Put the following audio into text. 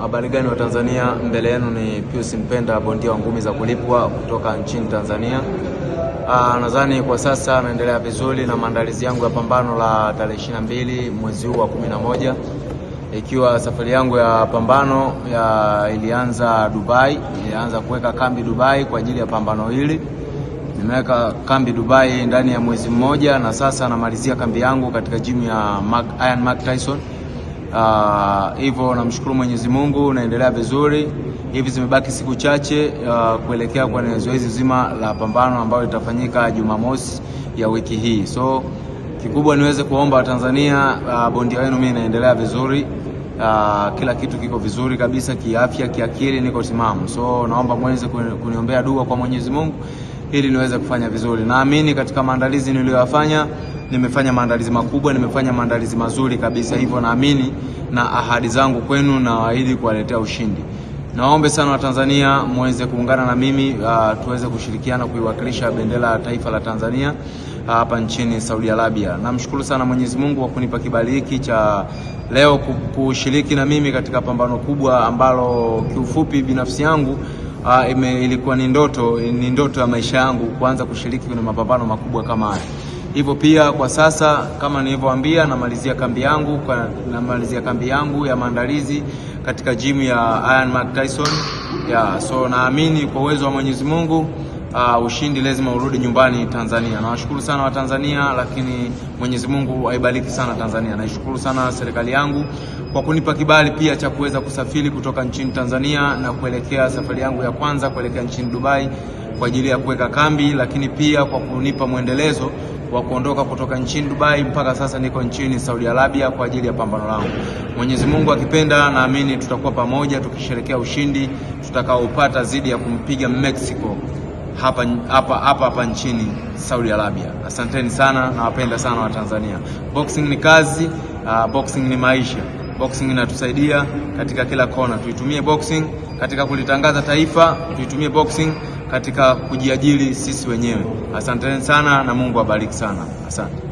Habari gani wa Tanzania, mbele yenu ni Pius Mpenda, bondia wa ngumi za kulipwa kutoka nchini Tanzania. Ah, nadhani kwa sasa naendelea vizuri na maandalizi yangu ya pambano la tarehe ishirini mbili mwezi huu wa kumi na moja ikiwa safari yangu ya pambano ya ilianza Dubai, ilianza kuweka kambi Dubai kwa ajili ya pambano hili. Nimeweka kambi Dubai ndani ya mwezi mmoja, na sasa namalizia kambi yangu katika jimu ya Mark, Iron Mark Tyson Ah, hivyo namshukuru Mwenyezi Mungu, naendelea vizuri. Hivi zimebaki siku chache uh, kuelekea kwenye zoezi zima la pambano ambayo litafanyika Jumamosi ya wiki hii. So kikubwa niweze kuomba Watanzania, uh, ah, bondia wenu mimi naendelea vizuri uh, kila kitu kiko vizuri kabisa, kiafya, kiakili niko timamu. So naomba mweze kuniombea dua kwa Mwenyezi Mungu ili niweze kufanya vizuri. Naamini katika maandalizi niliyoyafanya nimefanya maandalizi makubwa, nimefanya maandalizi mazuri kabisa, hivyo naamini na, ahadi zangu kwenu nawaahidi kuwaletea ushindi. Nawaombe sana Watanzania muweze kuungana na mimi uh, tuweze kushirikiana kuiwakilisha bendera ya taifa la Tanzania ah, hapa uh, nchini Saudi Arabia. Namshukuru sana Mwenyezi Mungu kwa kunipa kibali hiki cha leo kushiriki na mimi katika pambano kubwa ambalo kiufupi binafsi yangu uh, ime, ilikuwa ni ndoto ni ndoto ya maisha yangu kuanza kushiriki kwenye mapambano makubwa kama haya. Hivyo pia kwa sasa kama nilivyoambia, namalizia kambi yangu kwa, namalizia kambi yangu ya maandalizi katika jimu ya Iron Mark Tyson so naamini kwa uwezo wa Mwenyezi Mungu uh, ushindi lazima urudi nyumbani Tanzania. Nawashukuru sana Watanzania, lakini Mwenyezi Mungu aibariki sana Tanzania. Naishukuru sana serikali yangu kwa kunipa kibali pia cha kuweza kusafiri kutoka nchini Tanzania na kuelekea safari yangu ya kwanza kuelekea nchini Dubai kwa ajili ya kuweka kambi, lakini pia kwa kunipa mwendelezo wa kuondoka kutoka nchini Dubai mpaka sasa niko nchini Saudi Arabia kwa ajili ya pambano langu. Mwenyezi Mungu akipenda, naamini tutakuwa pamoja tukisherekea ushindi tutakaopata zidi ya kumpiga Mexico hapa hapa hapa hapa nchini Saudi Arabia. Asanteni sana, nawapenda sana Watanzania. Boxing ni kazi, uh, boxing ni maisha. Boxing inatusaidia katika kila kona. Tuitumie boxing katika kulitangaza taifa, tuitumie boxing katika kujiajiri sisi wenyewe. Asanteni sana na Mungu abariki sana. Asante.